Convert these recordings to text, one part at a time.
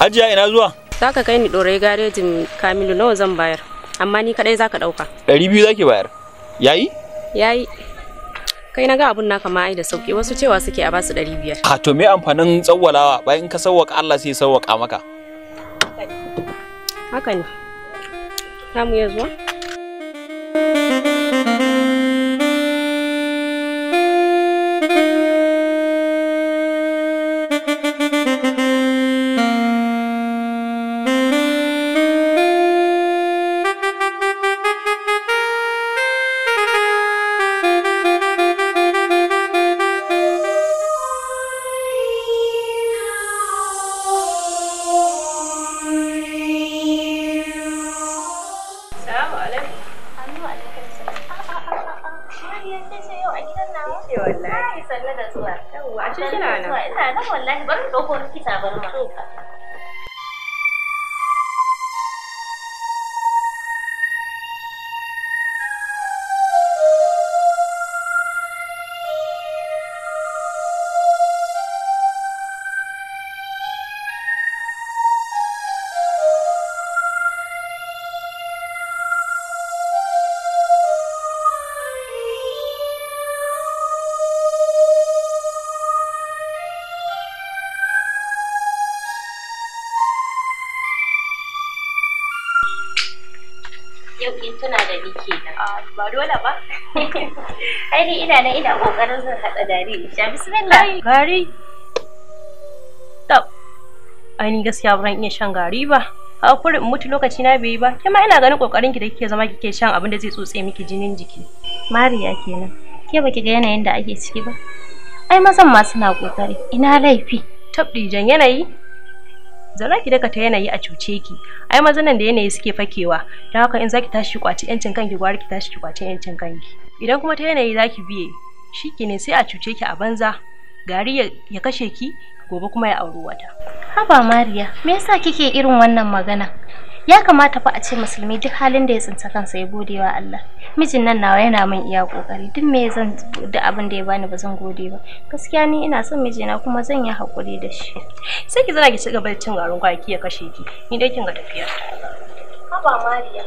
Ajiya ina zuwa? Za ka kai ni ɗorai garejin Kamilu nawa zan bayar, amma ni kaɗai za ka ɗauka. Ɗari biyu za ki bayar. Yayi? Yayi. Kai na ga abun naka ma ai da sauki wasu cewa suke a basu ɗari biyar. Ha to me amfanin tsawwalawa bayan ka sawwaka Allah sai sawwaka maka. Haka ne. Za mu iya zuwa? is our tuna da ni ke nan. Ah, ba dole ba. Ai ni ina nan ina kokarin zan haɗa gari in sha bismillah. Gari. Tab. Ai ni gaskiya ban iya shan gari ba. A in mutu lokaci na bai yi ba. ma ina ganin kokarin ki da kike zama kike shan abin da zai tsotse miki jinin jiki. Mariya kenan. Ke baki ga yanayin da ake ciki ba. Ai mazan ma suna kokari. Ina laifi. dijan yanayi zara ki daka ta yanayi a cuce ki ai mazanan da yanayi suke fakewa da haka in zaki tashi kwace yancin kanki gwara ki tashi kwace yancin kanki idan kuma ta yanayi zaki biye shi ne sai a cuce ki a banza gari ya kashe ki gobe kuma ya auri wata haba mariya me yasa kike irin wannan magana ya kamata fa a ce musulmi duk halin da ya tsinta kansa ya gode wa Allah mijin nan nawa yana min iya kokari duk me zan duk abin da ya bani ba zan gode ba gaskiya ni ina son mijina kuma zan yi hakuri da shi sai ki zara ki ci gaba da cin garin kwaki ya kashe ki ni dai kin ga tafiya haba mariya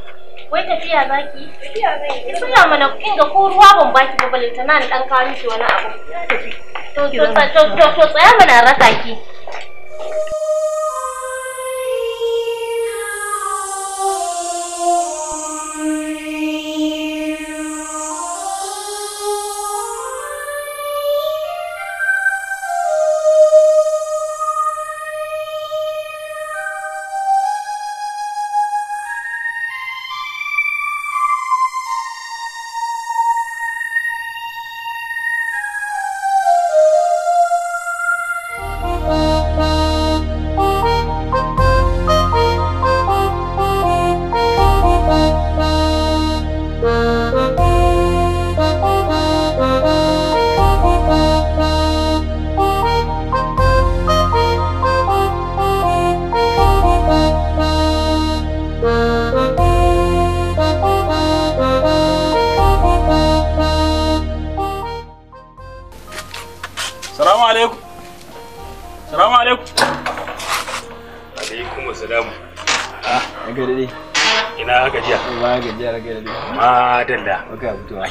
wai tafiya zaki tafiya zai ki suna mana kin ga ko ruwa ban baki ba balle tana ni dan kawo miki wani abu to to to to tsaya mana raka ki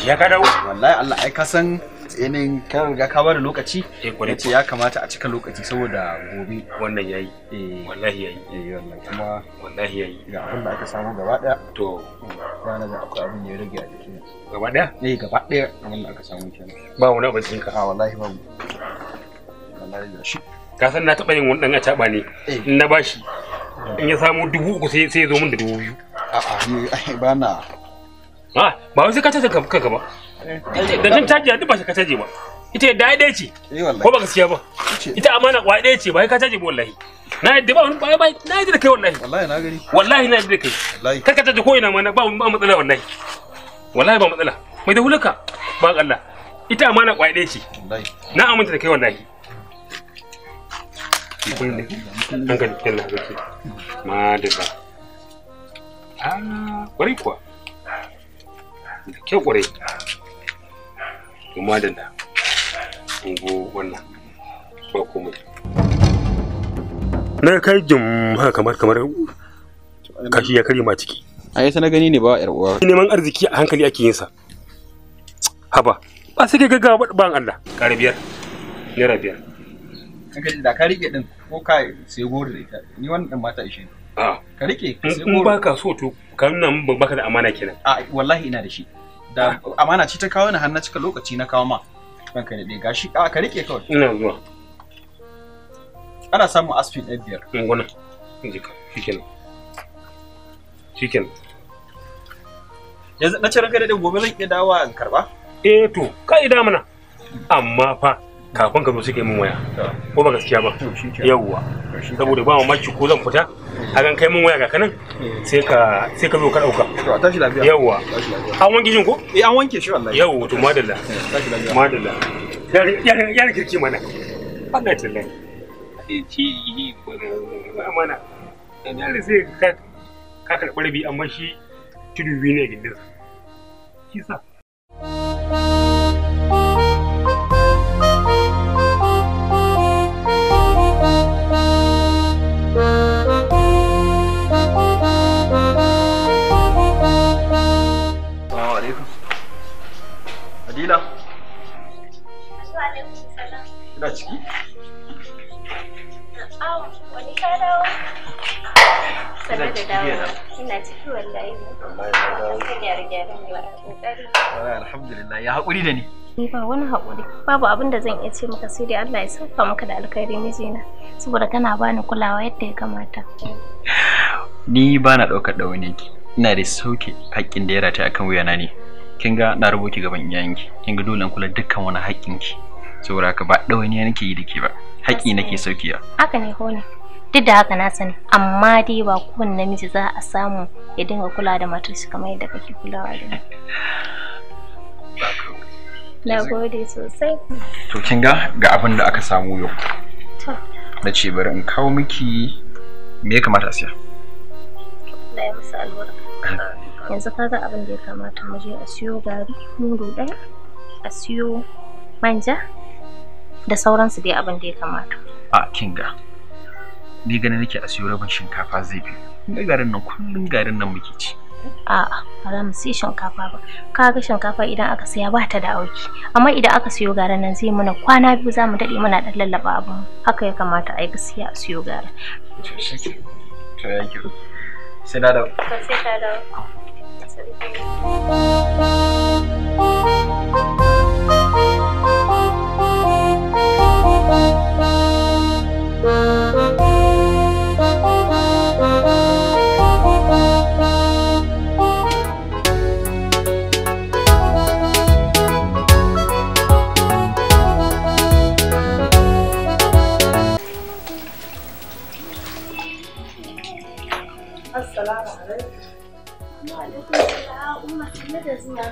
Ya ka dawo? Wallahi Allah ai ka san tsinin ka riga ka bada lokaci. Eh, ya ce ya kamata a cika lokaci saboda gobe. Wannan yayi. Eh wallahi yayi. Eh wallahi kuma wallahi yayi. Ga abin da aka samu gaba daya. To da akwai abin da ya rage a jikin. Gaba daya? Eh gaba daya abin da aka samu kenan. Ba wani abin cikin ka. Ha ah, wallahi ba Wallahi da shi. Ka san na taɓa yin wani ɗan acaɓa ne. Eh. In na bashi. In ya samu dubu uku sai ya zo min da dubu biyu. A'a ni ba na Ah, ba wai sai ka caje kanka ba da jin caji duk ba shi ka caje ba ita yadda dai ce eh, ko ba gaskiya ba ita amana kwa dai ce ba ka caje ba wallahi na yadda ba wani ba ba na yadda kai wallahi wallahi na gari wallahi na yadda da kai kar ka caje ko ina ma ba ba matsala wallahi wallahi ba matsala mai da hulaka ba Allah ita amana kwa dai ce na aminta da kai wallahi an gani kallon haka ce madalla ana ah, kwari kuwa da kyau kwarai kuma da na ungo wannan ba kuma na kai jim haka kamar kamar kashi ya karye ma ciki a yasa na gani ne ba yar uwa neman arziki a hankali ake yin sa haba ba sai ka gaggawa ban Allah ƙara biyar naira biyar kaga da ka rike din ko ka sai gori da ita ni wannan mata ishe ah. ka rike sai gori in ba ka so to kan nan baka da amana kenan a wallahi ina da shi da amana ce ta kawo ni har na cika lokaci na kawo ma ranka ne gashi a ka rike kawai ina zuwa ana samun aspirin ɗin biyar ngwana jika shikenan shikenan yanzu na ce ranka da gobe zan iya dawa in karba eh to ka ida mana amma fa kafin ka zo suke mun waya ko ba gaskiya ba yawwa saboda ba mu mamaki ko zan fita hakan kai mun waya ga kanin eh. sai ka sai ka zo ka dauka tashi lafiya yawwa an wanke shin ko eh an wanke shi wallahi yawwa to madalla eh, madalla ya ya ya kirki mana Allah ta lai eh, ci yi mana dan yare sai ka ka karbi amma shi tudu ne gindin shi sa na ciki wallahi. Wallahi na dawo. Kan gyare-gyaren ya alhamdulillah ya haƙuri da ni. Ni ba wani haƙuri babu abin da zan iya ce maka sai dai Allah ya saka maka da alkhairi mijina saboda kana bani kulawa yadda ya kamata. Ni ba na ɗaukar ki. ina da sauke haƙƙin da ya rata akan wuyana ne. Kin ga na rubo ki gaban iyayenki kin ga dole kula dukkan wani haƙƙinki saboda haka ba ɗawainiya nake yi da ke ba haƙƙi nake saukiya. Haka ne ko ne. duk da haka na sani amma dai ba kowane namiji za a samu ya dinga kula da matar shi kamar yadda kake kulawa da na gode sosai to kin ga ga abin da aka samu yau na ce bari in kawo miki me ya kamata a siya masa yanzu kaga abin da ya kamata mu je a siyo gari mudu ɗaya a siyo manja da sauransu dai abin da ya kamata a kinga ni ganin nake a siyo rabin shinkafa zai bi kuma garin nan kullun garin nan muke ci a'a ba za mu siya shinkafa ba kaga shinkafa idan aka saya ba ta da auki amma idan aka siyo garin nan zai mana kwana biyu za mu daɗe muna ɗan lallaba abin haka ya kamata a yi gaskiya a siyo garin to ya ki sai na da sai ka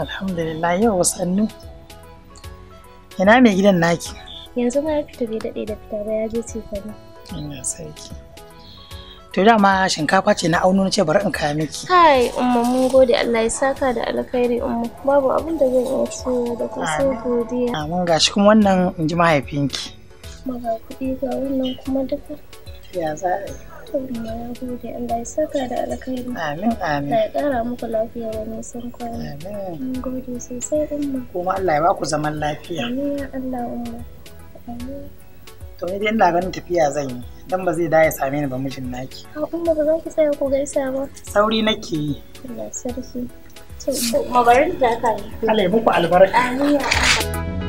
alhamdulillah yau wasannu ina mai gidan naki yanzu ma ya fita bai daɗe da fita ba ya je fari. ina sarki to dama shinkafa ce na auno na ce bari in kaya miki kai umma mun gode Allah ya saka da alkhairi umma babu abin da zan iya cewa da ku sai godiya amin gashi kuma wannan in ji mahaifinki maga kuɗi ga wannan kuma duka ya za a yi To, ya gode Allah ya saka da alkhairi. Amin, amin. ya muku lafiya da nisan kwana. Amin. Mun gode sosai umma. Kuma Allah ya ba ku zaman lafiya. Amin, Allah umma. Amin. to ganin tafiya zan yi dan ba zai da ya same ni ba mijin naki a umma ba za ki tsaya ku gaisa ba sauri nake yi Allah sarki to mabarin da ka yi Allah ya muku albarka amin ya Allah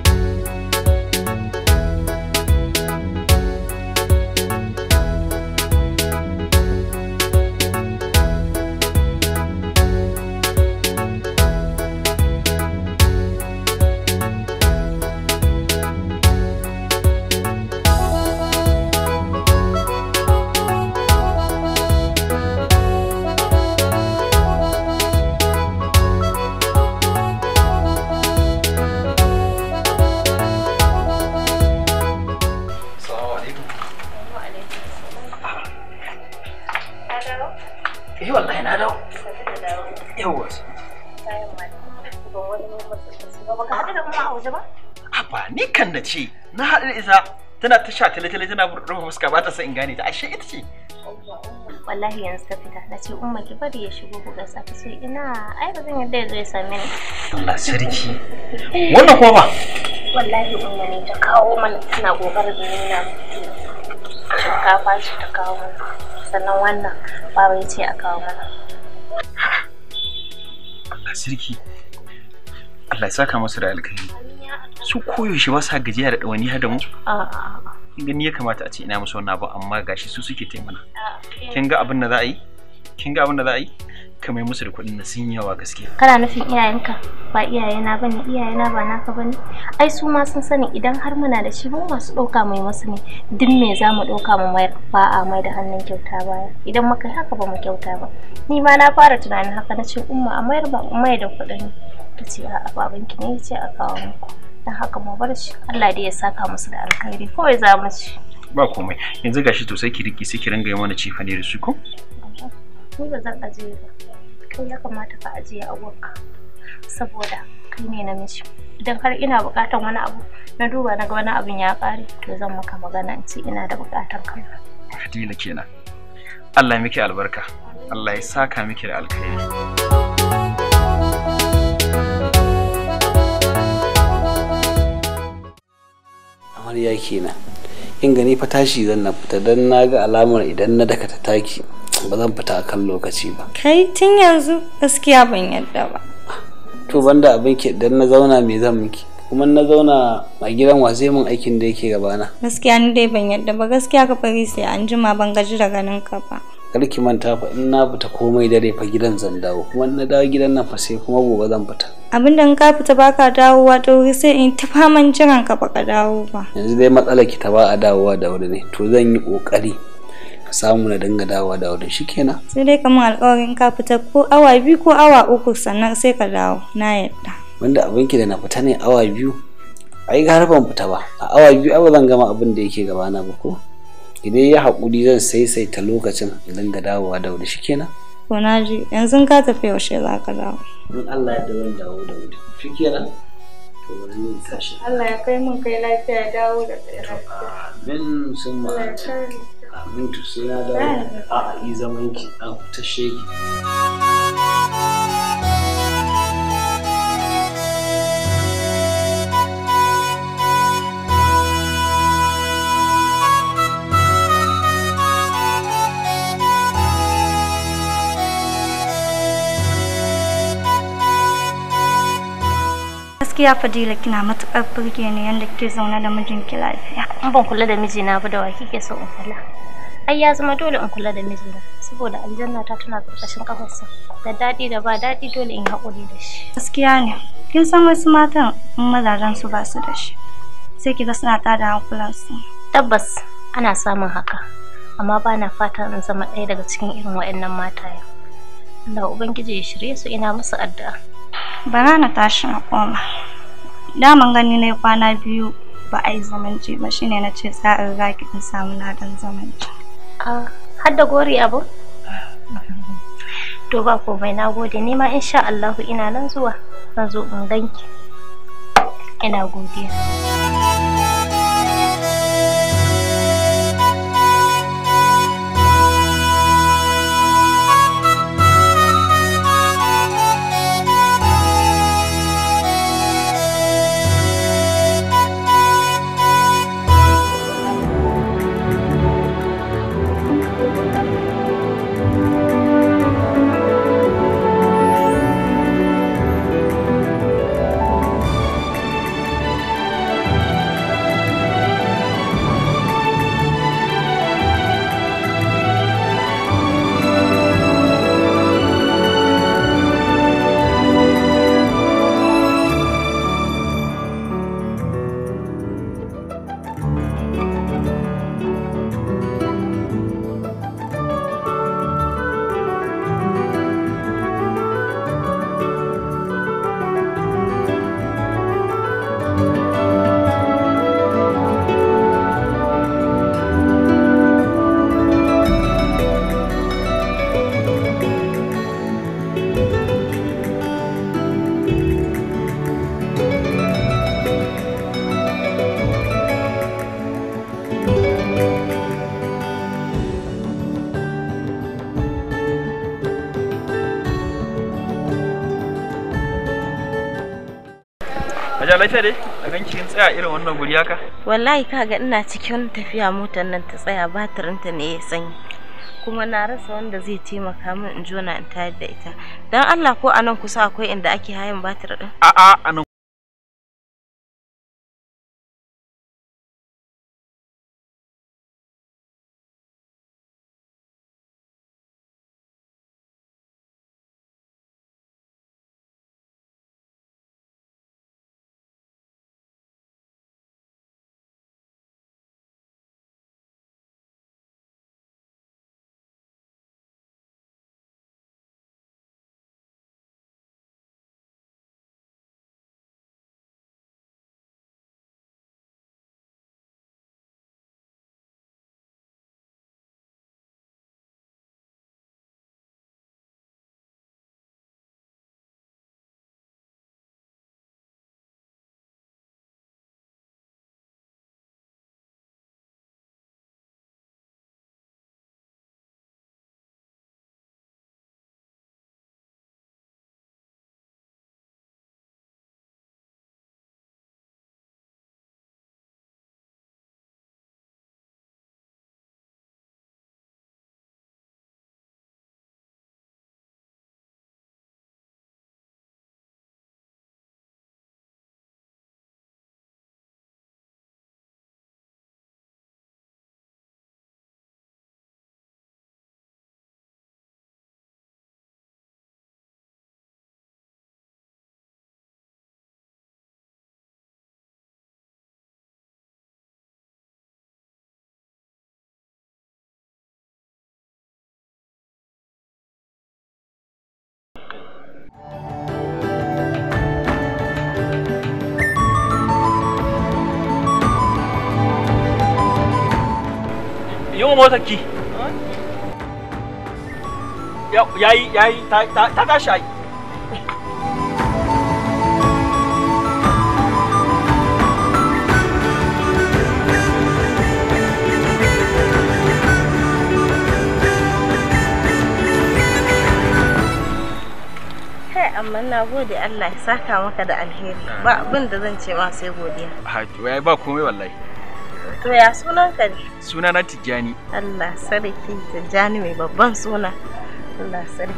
ta sha tale-tale tana rufe fuska ba ta san in gane ta ashe ita ce wallahi yanzu ta fita na ce umma ki bari ya shigo ku gasa ta ce ina ai ba zan yadda ya zo ya same ni Allah sarki wannan kuma ba wallahi umma ne ta kawo mana tana gogarar da nuna shinkafa ce ta kawo mana sannan wannan baba ya ce a kawo mana Allah sarki Allah ya saka masa da alkhairi su koyaushe ba sa gajiya da ɗawani da mu a'a kin gani ya kamata a ce ina musu wannan abu amma gashi su suke taimana ah, kin ga abin da za a yi kin ga abin da za a yi ka mai musu da kuɗin da sun yawa gaske kana nufin iyayenka ba iyayena bane iyayena ba naka bane ai su ma sun sani idan har muna da shi mu masu ɗauka mai masu ne duk me za mu ɗauka mu mayar ba a mai da hannun kyauta baya idan muka yi haka ba mu kyauta ba ni ma na fara tunanin haka na ce umma a mayar ba mai da kuɗin ta ce a babanki ne ya ce a kawo muku don haka mu bar shi Allah dai ya saka musu da alkhairi kawai za mu ci ba komai yanzu gashi to sai ki riki sai ki ringa yi mana cifa ne da su ko ni ba zan ajiye ba kai ya kamata ka ajiye a wanka saboda kai ne na miji idan har ina buƙatar wani abu na duba na ga wani abin ya ƙare to zan maka magana in ce ina da buƙatar kai fadila kenan Allah miki albarka Allah ya saka miki da alkhairi amarya kenan in gani fa tashi zan na fita dan na ga alamar idan na daka ta taki ba zan fita a kan lokaci ba kai tun yanzu gaskiya ban yadda ba to banda abin ke dan na zauna me zan miki kuma na zauna a gidan wa zai mun aikin da yake gabana gaskiya ni dai ban yadda ba gaskiya ka fari sai an jima ban gaji da ganin ka ba Karki manta fa in na fita komai dare fa gidan zan dawo kuma na dawo gidan nan fa sai kuma gobe zan fita abin da in ka fita baka dawo wa to sai in ta faman jiran ka baka dawo ba yanzu dai matsalar ki ta ba a dawowa da wuri ne to zan yi kokari ka samu na dinga dawowa da wuri shikenan sai dai kamar alƙawarin ka fita ko awa biyu ko awa uku sannan sai ka dawo na yadda wanda abin ki da na fita ne awa biyu ai gara ban fita ba a awa biyu ai ba zan gama abin da yake gabana ba ko idan ya haƙuri zan saisaita lokacin dinga dawowa da wuri shikenan to na ji yanzu ka tafi yaushe za ka dawo in Allah ya dawo dawo da wuri shikenan to wani ni tashi Allah ya kai mun kai lafiya dawo da kai amin sun ma amin to sai na dawo a yi zaman ki a ta shege gaskiya fadila kina matukar burge ni yanda kike zaune da mijinki lafiya in ban kula da mijina ba da wa kike so in kula ai ya zama dole in kula da mijina saboda aljanna ta tana karkashin kafarsa da daɗi da ba daɗi dole in haƙuri da shi gaskiya ne kin san wasu matan in mazajen su ba su da shi sai kiga suna tada hankulansu tabbas ana samun haka amma ba na fata in zama ɗaya daga cikin irin waɗannan ya Allah Ubangiji ya shirye su ina musu addu'a. banana na tashi na koma. daman gani na kwana biyu ba a yi zamanci ba shine na ce za a riga ki in samu ladan zamanci ah hadda gori abu to ba komai na gode ni ma insha Allah ina nan zuwa zan zo in ganki ina godiya Hajiya lafiya dai a ganki kin tsaya irin wannan guri haka. Wallahi kaga ina cikin tafiya motar nan ta tsaya batirinta ne ya sanyi. kuma na rasa wanda zai taimaka min in jona in tayar da ita. Dan Allah ko a nan kusa akwai inda ake hayan batir din? A'a mu motar amma na gode Allah ya saka maka da alheri ba abin da zan ce ma sai godiya. Ha, ba komai wallahi. To ya sunan ka ne? Suna na Tijjani. Allah sarki Tijjani mai babban suna. Allah sarki.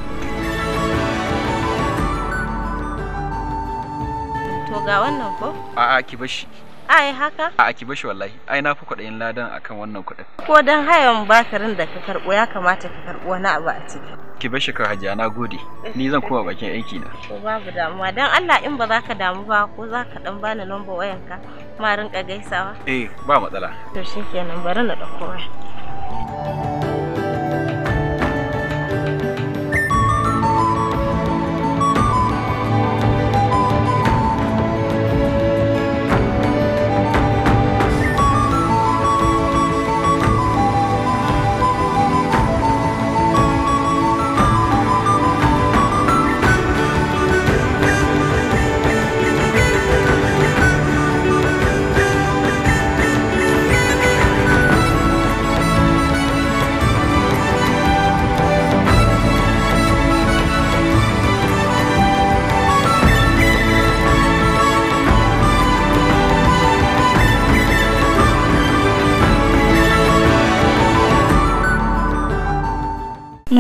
To ga wannan ko? A'a ki bashi. Ai haka? A'a ki bashi wallahi. Ai na fi kuɗin ladan akan wannan kuɗin. Ko dan hayan bakarin da ka karɓo ya kamata ka karɓo wani abu a ciki. ki bashi ka hajiya na gode ni zan koma bakin aiki na. Ko babu damuwa dan Allah in ba za ka damu ba ko za ka dan bani lambar wayanka ma rinka gaisawa eh ba matsala to kenan bari na dauko waya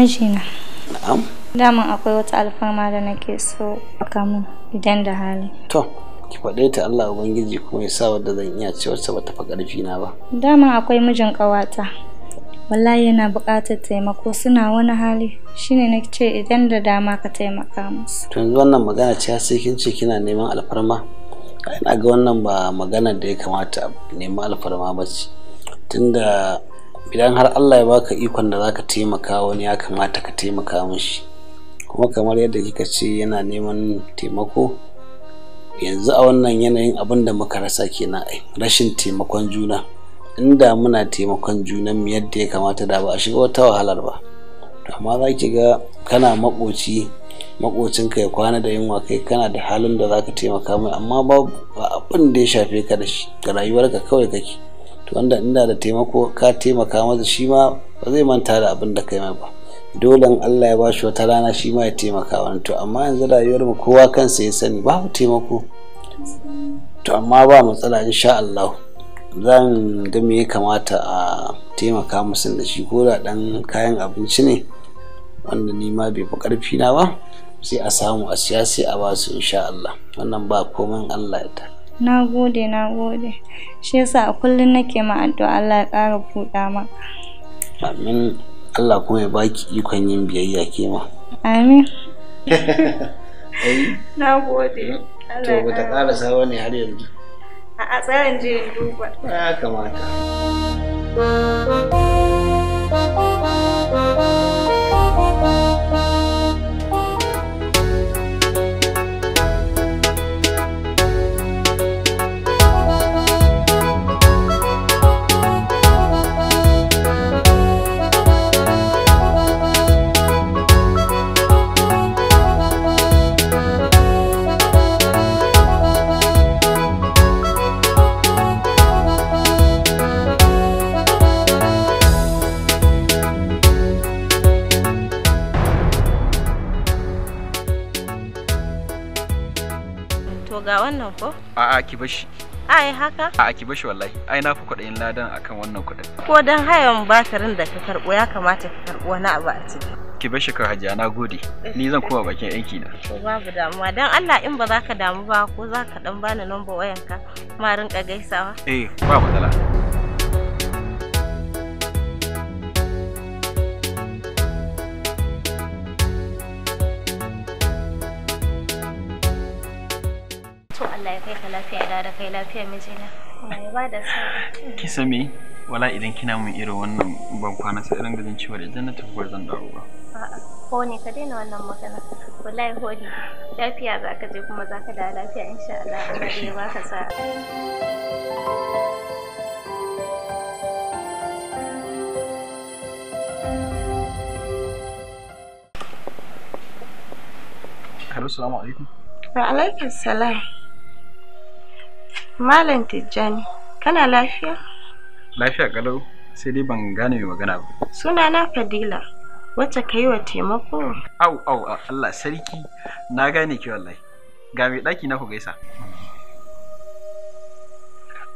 mijina. Na'am. Daman akwai wata alfarma da nake so a kamu idan da hali. To, ki faɗe ta Allah Ubangiji kuma ya sa wadda zan iya cewar ta bata fa ƙarfi na ba. Daman akwai mijin ƙawata. Wallahi yana buƙatar taimako suna wani hali shine na ce idan da dama ka taimaka musu. To yanzu wannan magana ce sai kin ce kina neman alfarma. Ina ga wannan ba magana da ya kamata neman alfarma ba ce. Tunda idan har Allah ya baka ikon da zaka taimaka wani ya kamata ka taimaka mishi kuma kamar yadda kika ce yana neman taimako yanzu a wannan yanayin abin da muka rasa kenan ai rashin taimakon juna inda muna taimakon junan mu yadda ya kamata da ba a shiga wata wahalar ba amma za ki ga kana makoci makocinka ya kwana da yunwa kai kana da halin da zaka taimaka mai amma ba abin da ya shafe ka da shi ga rayuwarka kawai kake to wanda ina da taimako ka taimaka masa shi ma ba zai manta da abin da kai mai ba dole Allah ya bashi wata rana shi ma ya taimaka wani to amma yanzu rayuwar mu kowa kansa ya sani babu taimako to amma ba matsala insha Allah zan ga me ya kamata a taimaka musu da shi ko da dan kayan abinci ne wanda ni ma bai fi karfi na ba sai a samu a siya a basu insha Allah wannan ba komai Allah ya ta na gode na gode shi yasa a kullum nake ma addu'a Allah ya ƙara buɗa ma amin Allah kuma ya baki ikon yin biyayya ke ma amin na gode to ba ta ƙara ba ne har yanzu a tsayin jiya duba ya kamata wannan ko? a a ki bashi. Ai haka? a a ki bashi wallahi. Ai na fi kuɗin ladan akan wannan kuɗin. Ko dan hayan batirin da ka karɓo ya kamata ka karɓo wani abu a ciki. Ki bashi ka hajiya na gode. Ni zan koma bakin aiki na. Ko babu damuwa dan Allah in ba za ka damu ba ko za ka dan bani number wayanka ma rinka gaisawa. Eh ba matsala. Allah ya kai ka lafiya ya da kai lafiya mijina. Allah Mai ba da sa. Ki san me? Wala idan kina mun irin wannan ban kwana sai irin gajin cewa da jannatin kuwa zan dawo ba. A'a, ko ne ka daina wannan magana. Wallahi hodi. lafiya za ka je kuma za ka da lafiya insha Allah Allah ya ba ka sa'a. Hello, salamu alaikum. Wa alaikum salam. Malam Tijjani, kana lafiya? Lafiya ƙalau sai dai ban gane mai magana ba. Suna na Fadila, wacce ka yi wa taimako? Au, au, Allah sarki, na gane ki wallahi. Ga mai ɗaki na ku gaisa.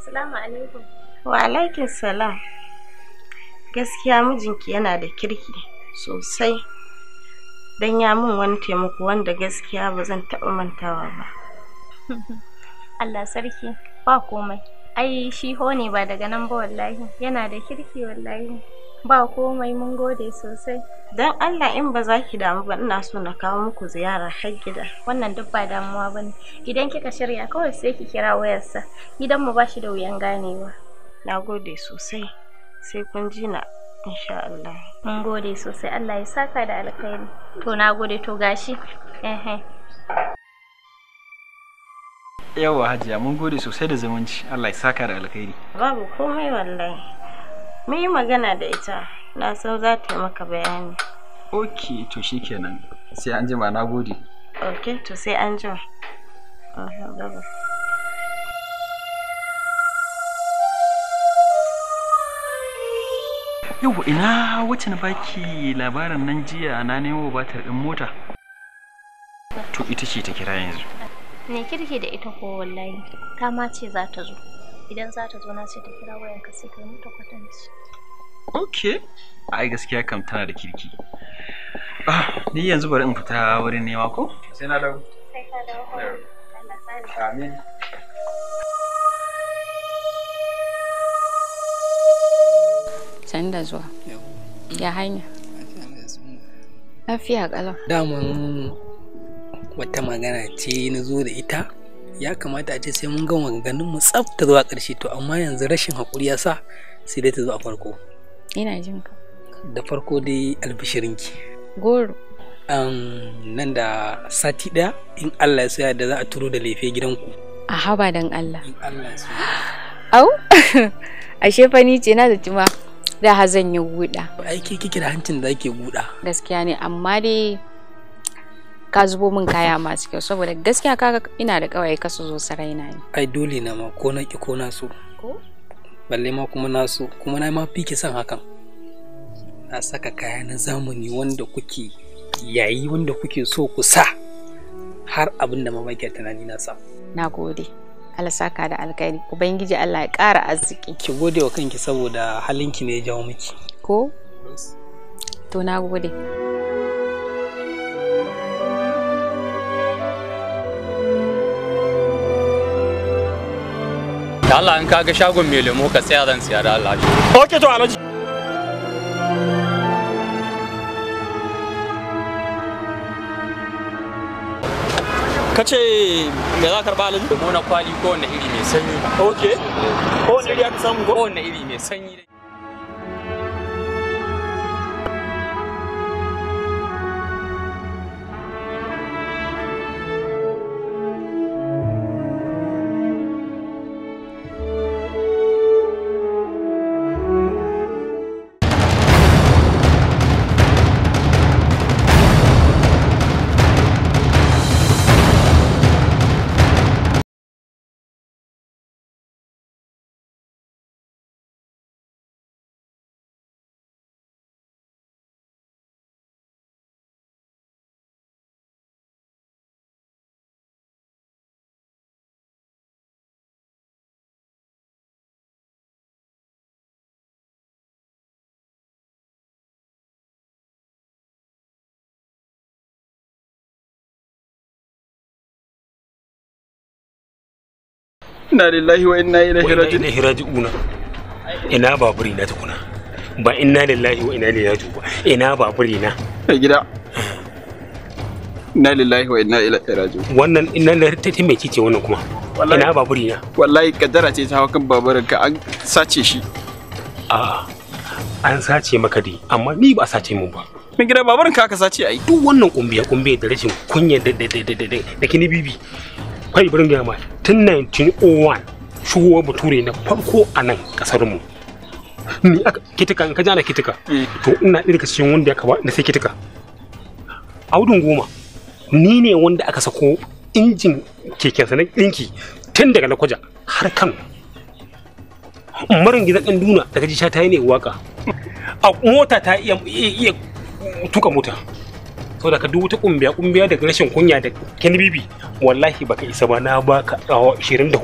Salamu alaikum. Wa alaikum salam. Gaskiya mijinki yana da kirki sosai. Dan ya min wani taimako wanda gaskiya ba zan taɓa mantawa ba. Allah sarki ba komai ai shi ne ba daga nan ba wallahi yana da kirki wallahi ba komai mun gode sosai don Allah in ba za ki damu ba ina so na kawo muku ziyara har gida wannan duk ba damuwa ba ne idan kika shirya kawai sai ki kira wayarsa mu ba shi da wuyan ganewa na gode sosai sai kun ji na insha Allah mun gode sosai Allah ya saka da alkhairi to na gode to gashi ehe yawa hajiya mun gode sosai da zumunci Allah ya saka da alkhairi babu komai wallahi mun magana da ita na san za ta yi maka bayani ok to shikenan sai an jima na gode ok to sai an jima yau ina wacce na baki labarin nan jiya na nemo batar din mota to ita ce ta kira yanzu ne kirki da ita ko wallahi ta ma ce za ta zo idan za ta zo na ce ta kira wayan ka sai yi mata kwatanci ok ai gaskiya kam tana da kirki ah ni yanzu bari in fita wurin nema ko sai na dawo sai ka dawo amin Sanda zuwa. Ya hanya. Lafiya kalau. Daman wata magana ce na zo da ita ya kamata a ce sai mun gama maganganun mu tsafta zuwa ƙarshe to amma yanzu rashin haƙuri ya sa sai dai ta zo a farko ina jin ka da farko dai albishirinki goro um, nan da sati ɗaya in Allah ya soya da za a turo da lefe gidanku a haba dan Allah in Allah ya soya au ashe fa ni ce na da cima da hazan ya guda aiki kike da hancin da ake guda gaskiya ne amma dai ka zubo min kaya masu kyau saboda gaskiya kaga ina da kawai ka su zo ni ai dole na ma ko na ki ko na so ko balle ma kuma na so kuma na ma fi ki san hakan na saka kaya na zamani wanda kuke yayi wanda kuke so ku sa har abin da mamaki tunani na sa na gode Allah saka da alkhairi ubangiji Allah ya ƙara arziki ki gode wa kanki saboda halinki ne ya jawo miki ko to na gode Allah in kaga shagon mai lemo ka tsaya zan siya da Allah shi. okay to alhaji Kace me za ka karba alhaji lemo na kwali ko wanda iri mai sanyi okay ko wanda iri aka samu ko wanda iri mai sanyi inna lillahi wa inna ilaihi raji'un ina baburi na tukuna ba inna lillahi wa inna ilaihi raji'un ina baburi na gida inna lillahi wa inna ilaihi raji'un wannan inna lillahi ta mai ce wannan kuma ina baburi na wallahi kaddara ce ta hawa kan ka an sace a an sace maka dai amma ni ba sace mun ba min gida baburin ka aka sace ai duk wannan kumbiya kumbiya da rashin kunya da da da da da da bibi kai bari gama tun 1901 shigowar bature na farko a nan kasar mu ni aka kitika in ka jana kitika eh. to ina ɗaya cikin wanda ya kaba na sai kitika audun goma ni ne wanda aka sako injin kekensa na ɗinki tun daga lakwaja har kan marin gidan ɗan duna daga jisha ta yi ne waka a mota ta iya tuka mota so da ka duk wata kumbiya kumbiya daga rashin kunya da kanibibi wallahi baka isa ba na baka awa 24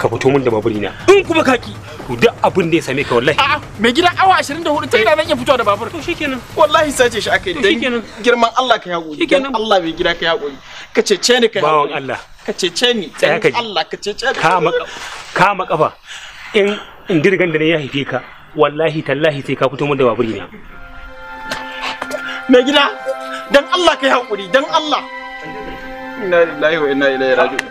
ka fito min da baburi na in kuma kaki to duk abin da ya same ka wallahi a'a mai gida awa 24 tun da nan ya fito da babur to shikenan wallahi sace shi akai dan girman Allah ka yaƙuri shikenan Allah bai gida ka yaƙuri ka cece ni ka yaƙuri bawan Allah ka cece ni dan Allah ka cece ka ka ka kafa in in dirgan da ne ya haife ka wallahi tallahi sai ka fito min da baburi na mai gida dan Allah kai hakuri dan Allah inna lillahi wa inna ilaihi raji'un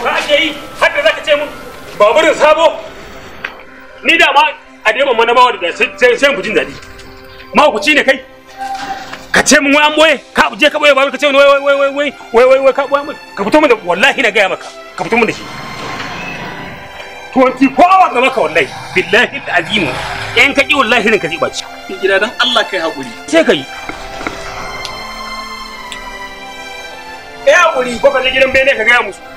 ka ake yi har da zaka ce mun baburin sabo ni da ma a dai mamma na bawa da sai sai ku jin dadi ma ku ci ne kai ka ce mun wai an boye ka je ka boye babu ka ce mun wai wai wai wai wai wai ka boye mun ka fito mun da wallahi na gaya maka ka fito mun da shi 24 hours da maka wallahi billahi Azimu in ka ki wallahi ranka zai baci gida dan Allah kai hakuri sai kai eh hakuri ko ka je gidan bene ka ga musu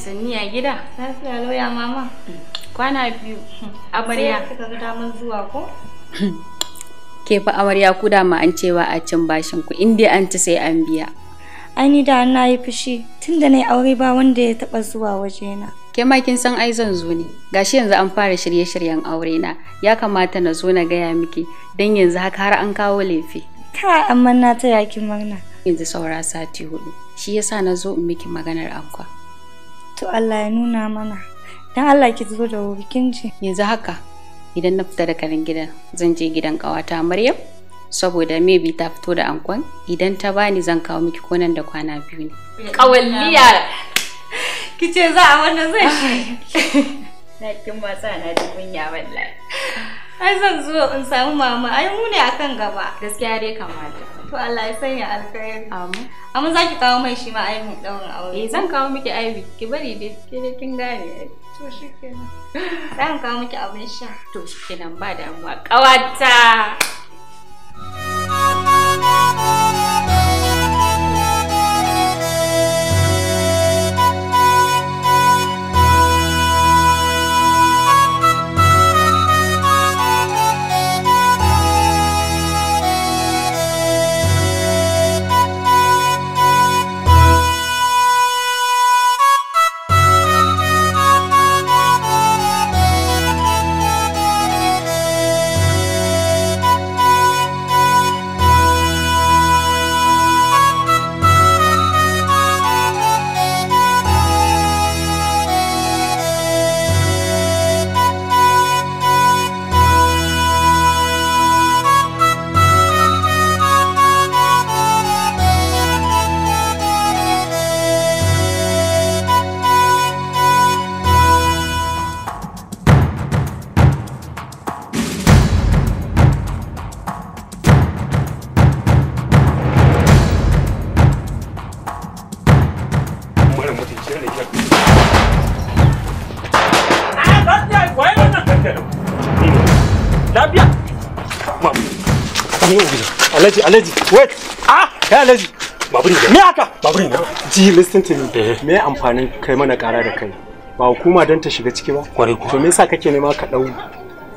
sanni a gida lafiya lauya mama kwana biyu amarya kika ga damar zuwa ko ke fa amarya ku da ma an cewa a cin bashin ku in dai an ci sai an biya ai ni da na yi fushi tunda nayi aure ba wanda ya taba zuwa wajena ke ma kin san ai zan zo ne gashi yanzu an fara shirye-shiryen aure na ya kamata na zo na gaya miki dan yanzu haka har an kawo lefe Ka amma na ta yakin magana. yanzu saura sati hudu shi yasa na zo in miki maganar ankwa to Allah ya nuna mana dan Allah ki zo da wuri kin ji yanzu haka idan na fita da karin gidan zan je gidan kawata Maryam saboda maybe ta fito da ankon idan ta bani zan kawo miki konan da kwana biyu ne kawalliya kice za a wannan zai shi na kin matsa na ji kunya wallahi ai zan zo in samu mama ai mu ne akan gaba gaskiya dai kamata To Allah ya sanya alkhairi. Amin. Amma za ki kawo mai shi ma aibin ɗaurin aure. Eh zan kawo miki aibi ki bari dai ke dai kin gane. To shikenan. Zan kawo miki abin sha. To shikenan ba damuwa. Ƙawata. Thank you. ni ubangiji alhaji alhaji wait ah kai alhaji baburi ne me haka baburi ne ji listen to me eh. me amfanin kai mana kara da kai ba hukuma dan ta shiga ciki ba kware kwarai to me yasa kake nema ka dau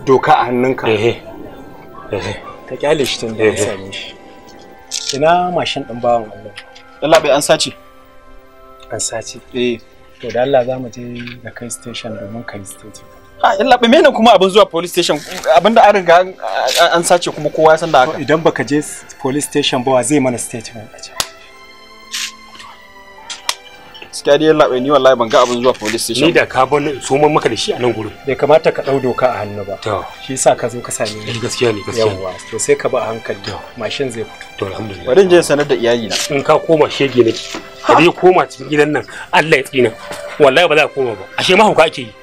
doka a hannunka eh eh, eh, eh. ka kyale shi tun da ya same shi ina mashin din bawan Allah Allah bai an sace an sace eh to da Allah za mu je da kai station domin kai station Allah ba menen kuma abin zuwa police station abinda an riga an sace kuma kowa ya san da haka idan baka je police station ba zai mana statement a can gaskiya dai Allah ni wallahi ban ga abin zuwa police station ni da ka bani so mun maka da shi a nan gurin bai kamata ka ɗau doka a hannu ba to shi yasa ka zo ka same ni eh, gaskiya ne gaskiya Yawwa, to sai ka ba a hankali mashin zai fito to alhamdulillah bari je sanar da iyali na in ka koma shege nake ka je koma cikin gidan nan Allah ya tsina wallahi ba za ka koma ba ashe mahauka ake yi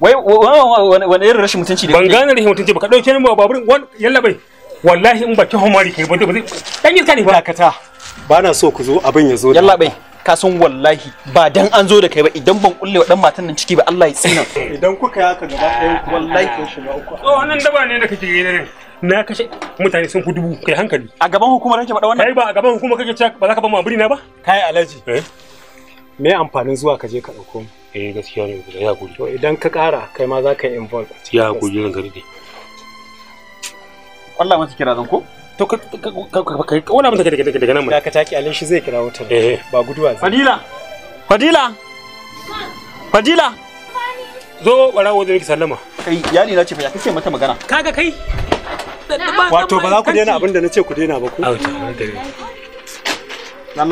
wai wani irin rashin mutunci da ban gane rashin mutunci ba ka dauke ni ba babur yalla bai wallahi in baki homari kai ba dan iska ne ba dakata ba na so ku zo abin ya zo yalla bai ka san wallahi ba dan an zo da kai ba idan ban kulle wa dan matan nan ciki ba Allah ya tsina idan kuka yaka gaba ɗaya wallahi kun shiga uku to oh, wannan daba ne da kake yi ne na kashe mutane sun ku dubu kai hankali a gaban hukumar kake faɗa wannan kai ba a gaban hukumar kake cewa ba za ka ba mu aburi na ba kai alaji eh. me amfanin zuwa ka je ka dauko mu eh gaskiya ne da ya guri idan ka kara kai ma za ka yi involve ya guri ran garde Allah mata kira zan ko to ka wala mata daga daga daga nan mu ka taki alin shi zai kira wutar eh ba guduwa fadila fadila fadila zo barawo zai ki sallama kai yani na ce fa ya kace mata magana kaga kai wato ba za ku daina abin da na ce ku daina ba ku Allah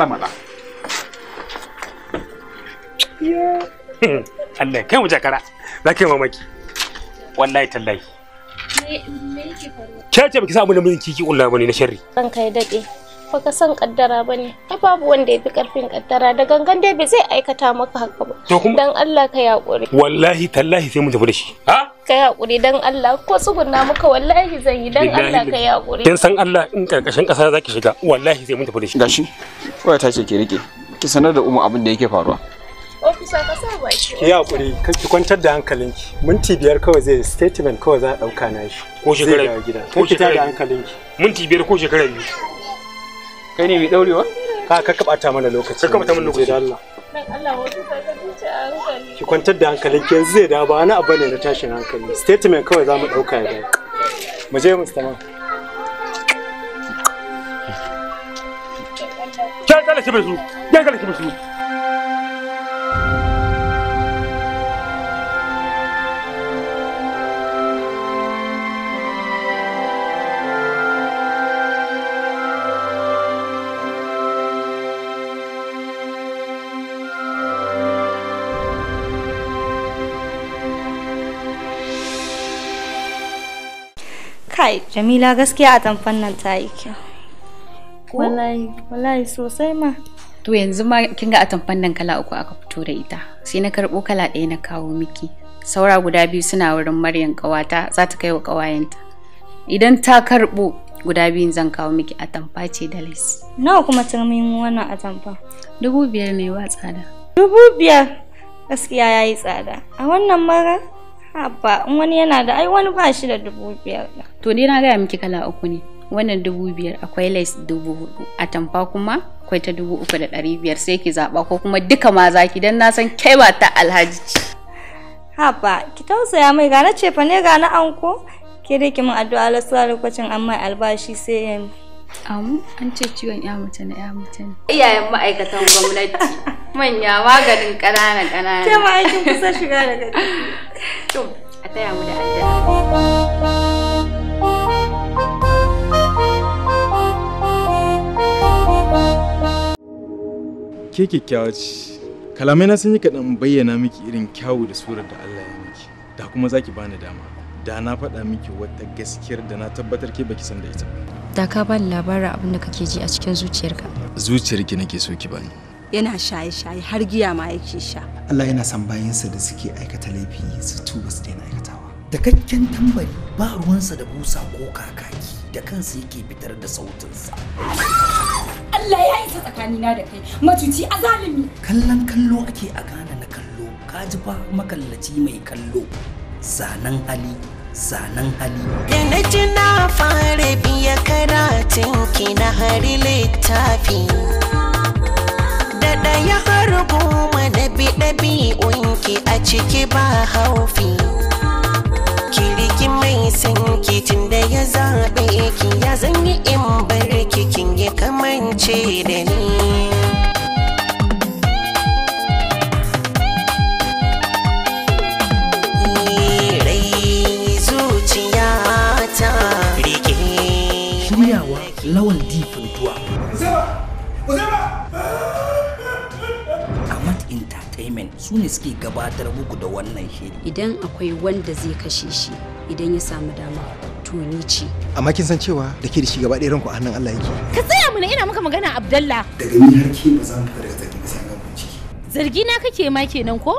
mala Yeah. Allah kai mu jakara za ka yi mamaki wallahi tallahi ke ce baki san abin da mun kiki ulla bane na sharri san kai dade ka san kaddara bane ka babu wanda yafi karfin kaddara da gangan dai bai zai aikata maka haka ba dan Allah ka yaƙuri wallahi tallahi sai mu tafi da shi ha ka yaƙuri dan Allah ko tsugunna maka wallahi zan yi dan Allah ka yaƙuri kin san Allah in karkashin kasa zaki shiga wallahi sai mu tafi da shi gashi waya ta ce ki rike ki sanar da umu abin da yake faruwa ofisa ka sa baki ki hakuri ki kwantar da hankalinki minti biyar kawai zai statement kawai za a dauka na shi ko shekara gida ko shekara da hankalinki minti biyar ko shekara biyu kai ne mai daurewa ka ka kabata mana lokaci ka kabata mana lokaci da Allah ki kwantar da hankalinki yanzu zai da ba abu ne na tashin hankali statement kawai za mu dauka ya mu je mustaman Kyan kala kyan kala kai jamila gaskiya a tamfan nan ta yi kyau wallahi wallahi sosai ma to yanzu ma kin ga a tamfan nan kala uku aka fito da ita sai na karɓo kala ɗaya na kawo miki saura guda biyu suna wurin maryam ƙawata za ta kai wa ƙawayenta idan ta karɓo guda biyun zan kawo miki atamfa ce da lace nawa kuma turmin wannan atamfa dubu biyar ne wa tsada dubu biyar gaskiya ya yi tsada a wannan mara Haba, in wani yana da ai wani ba shi da dubu biyar. To dai na gaya miki kala uku ne. Wannan dubu biyar akwai lais dubu hudu, a tamfa kuma akwai ta dubu uku da ɗari biyar sai ki zaɓa ko kuma duka ma ki don na san kai ba ta alhaji ce. Haba, ki tausaya mai gane fa ne gane anko? Ke dai ki min addu'a Allah lokacin an amma albashi sai Amu, an ce ciwon ya mace na ya mace ne. Iyayen ma'aikatan gwamnati manya maganin ƙanana ƙanana. Ke ma aikin kusa shiga daga To, a taya mu da addu'a. ke kyakkyawa ce kalamai na sun yi kaɗan bayyana miki irin kyawu da surar da Allah ya miki da kuma zaki bani dama da na faɗa miki wata gaskiyar da na tabbatar ke baki san da ita da ka bani labarin abin da kake ji a cikin zuciyarka zuciyarki nake so ki bani yana shaye-shaye har giya ma yake sha Allah yana san bayansa da suke aikata laifi su tuba su daina aikatawa da kakken tambari ba ruwansa da busa ko kakaki da kansa yake fitar da sautinsa Allah ya isa tsakanina da kai matuci azalimi kallon kallo ake a gana na kallo ka ji fa makallaci mai kallo zanen hali zanen hali ji na fara biya karatun ki na hari littafi da ɗaya har goma da ki a ciki ba haufi kirikin mai san kitin da ya zaɓe ki ya zanyi in bar kikin ya kamance da ni lawan difuntuwa. Amat Entertainment su ne suke gabatar muku da wannan shiri. Idan akwai wanda zai kashe shi idan ya samu dama to ni ce. Amma kin san cewa da ke da shi gaba ɗaya ranku a hannun Allah yake. Ka tsaya mana ina maka magana Abdallah. Daga ni har ke ba za mu fara zargi ba sai an ciki. Zargi na kake ma kenan ko?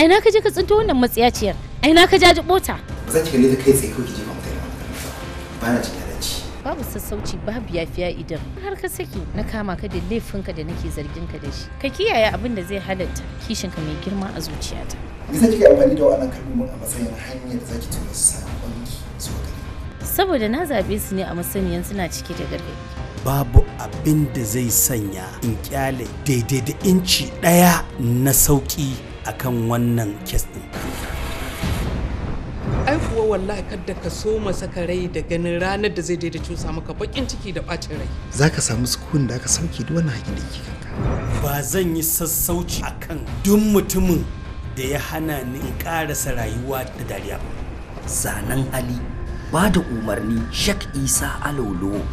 Ai ka je ka tsinto wannan matsiyaciyar. Ai na ka jaji bota. Za ki kalle ta kai tsaye ko ki je ba. bana jin babu sassauci babu yafiya idan har ka saki na kama ka da laifinka da nake zargin ka da shi ka kiyaye abin da zai halatta kishinka mai girma a zuciyata me zaki kai amfani da wannan kalmomin a matsayin hanyar da zaki tura sakonki zuwa gare saboda na zabe su ne a masaniyan suna cike da gargaɗi babu abin da zai sanya in kyale daidai da inci ɗaya na sauƙi akan wannan kes ɗin ai kuwa wallahi kadda ka so saka rai da ganin ranar da zai daidaito cusa maka bakin ciki da bacin rai za ka samu sukun da aka sauke duk wani haƙi da ke kanka ba zan yi sassauci akan duk mutumin da ya hana ni in ƙarasa rayuwa da dariya ba zanen hali ba da umarni shak isa alolo